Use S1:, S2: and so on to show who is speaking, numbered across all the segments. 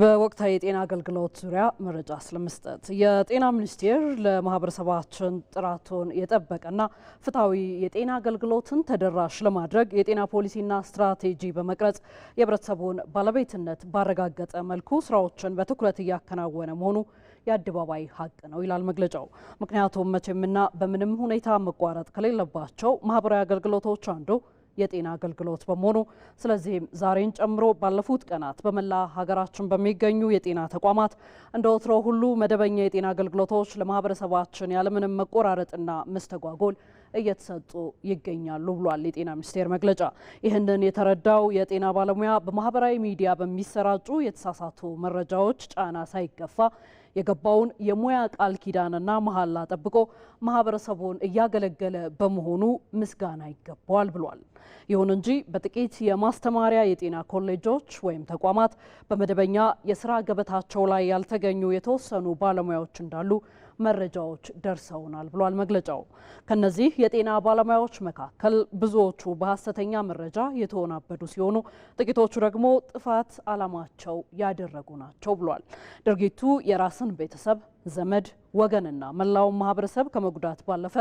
S1: በወቅታዊ የጤና አገልግሎት ዙሪያ መረጃ ስለመስጠት የጤና ሚኒስቴር ለማህበረሰባችን ጥራቱን የጠበቀና ፍትሐዊ የጤና አገልግሎትን ተደራሽ ለማድረግ የጤና ፖሊሲና ስትራቴጂ በመቅረጽ የህብረተሰቡን ባለቤትነት ባረጋገጠ መልኩ ስራዎችን በትኩረት እያከናወነ መሆኑ የአደባባይ ሀቅ ነው ይላል መግለጫው። ምክንያቱም መቼምና በምንም ሁኔታ መቋረጥ ከሌለባቸው ማህበራዊ አገልግሎቶች አንዱ የጤና አገልግሎት በመሆኑ ስለዚህም ዛሬን ጨምሮ ባለፉት ቀናት በመላ ሀገራችን በሚገኙ የጤና ተቋማት እንደ ወትሮ ሁሉ መደበኛ የጤና አገልግሎቶች ለማህበረሰባችን ያለምንም መቆራረጥና መስተጓጎል እየተሰጡ ይገኛሉ ብሏል የጤና ሚኒስቴር መግለጫ። ይህንን የተረዳው የጤና ባለሙያ በማህበራዊ ሚዲያ በሚሰራጩ የተሳሳቱ መረጃዎች ጫና ሳይገፋ የገባውን የሙያ ቃል ኪዳንና መሐላ ጠብቆ ማህበረሰቡን እያገለገለ በመሆኑ ምስጋና ይገባዋል ብሏል። ይሁን እንጂ በጥቂት የማስተማሪያ የጤና ኮሌጆች ወይም ተቋማት በመደበኛ የስራ ገበታቸው ላይ ያልተገኙ የተወሰኑ ባለሙያዎች እንዳሉ መረጃዎች ደርሰውናል ብሏል መግለጫው። ከነዚህ የጤና ባለሙያዎች መካከል ብዙዎቹ በሀሰተኛ መረጃ የተወናበዱ ሲሆኑ ጥቂቶቹ ደግሞ ጥፋት አላማቸው ያደረጉ ናቸው ብሏል። ድርጊቱ የራስን የራሱን ቤተሰብ፣ ዘመድ፣ ወገንና መላውን ማህበረሰብ ከመጉዳት ባለፈ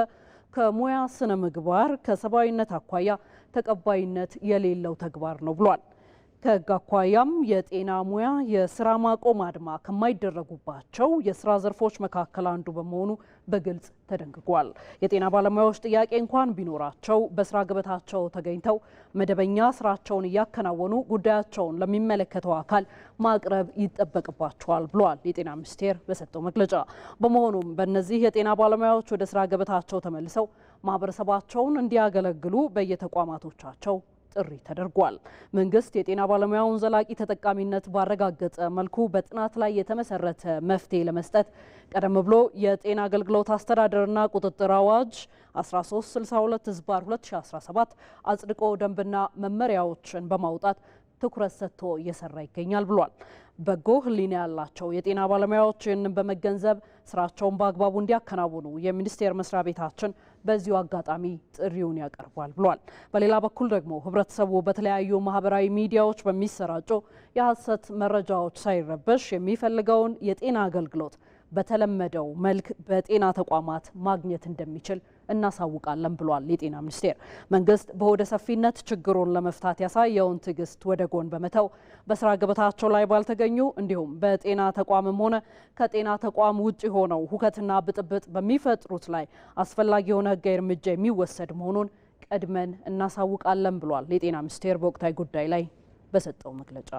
S1: ከሙያ ስነ ምግባር ከሰብአዊነት አኳያ ተቀባይነት የሌለው ተግባር ነው ብሏል። ከሕግ አኳያም የጤና ሙያ የስራ ማቆም አድማ ከማይደረጉባቸው የስራ ዘርፎች መካከል አንዱ በመሆኑ በግልጽ ተደንግጓል። የጤና ባለሙያዎች ጥያቄ እንኳን ቢኖራቸው በስራ ገበታቸው ተገኝተው መደበኛ ስራቸውን እያከናወኑ ጉዳያቸውን ለሚመለከተው አካል ማቅረብ ይጠበቅባቸዋል ብሏል የጤና ሚኒስቴር በሰጠው መግለጫ። በመሆኑም በእነዚህ የጤና ባለሙያዎች ወደ ስራ ገበታቸው ተመልሰው ማህበረሰባቸውን እንዲያገለግሉ በየተቋማቶቻቸው ጥሪ ተደርጓል። መንግስት የጤና ባለሙያውን ዘላቂ ተጠቃሚነት ባረጋገጠ መልኩ በጥናት ላይ የተመሰረተ መፍትሄ ለመስጠት ቀደም ብሎ የጤና አገልግሎት አስተዳደርና ቁጥጥር አዋጅ 1362 ህዝባር 2017 አጽድቆ ደንብና መመሪያዎችን በማውጣት ትኩረት ሰጥቶ እየሰራ ይገኛል ብሏል። በጎ ህሊና ያላቸው የጤና ባለሙያዎች ይህንን በመገንዘብ ስራቸውን በአግባቡ እንዲያከናውኑ የሚኒስቴር መስሪያ ቤታችን በዚሁ አጋጣሚ ጥሪውን ያቀርቧል ብሏል። በሌላ በኩል ደግሞ ህብረተሰቡ በተለያዩ ማህበራዊ ሚዲያዎች በሚሰራጩ የሀሰት መረጃዎች ሳይረበሽ የሚፈልገውን የጤና አገልግሎት በተለመደው መልክ በጤና ተቋማት ማግኘት እንደሚችል እናሳውቃለን ብሏል የጤና ሚኒስቴር። መንግስት በሆደ ሰፊነት ችግሩን ለመፍታት ያሳየውን ትዕግስት ወደ ጎን በመተው በስራ ገበታቸው ላይ ባልተገኙ እንዲሁም በጤና ተቋምም ሆነ ከጤና ተቋም ውጭ ሆነው ሁከትና ብጥብጥ በሚፈጥሩት ላይ አስፈላጊ የሆነ ህጋዊ እርምጃ የሚወሰድ መሆኑን ቀድመን እናሳውቃለን ብሏል የጤና ሚኒስቴር በወቅታዊ ጉዳይ ላይ በሰጠው መግለጫ።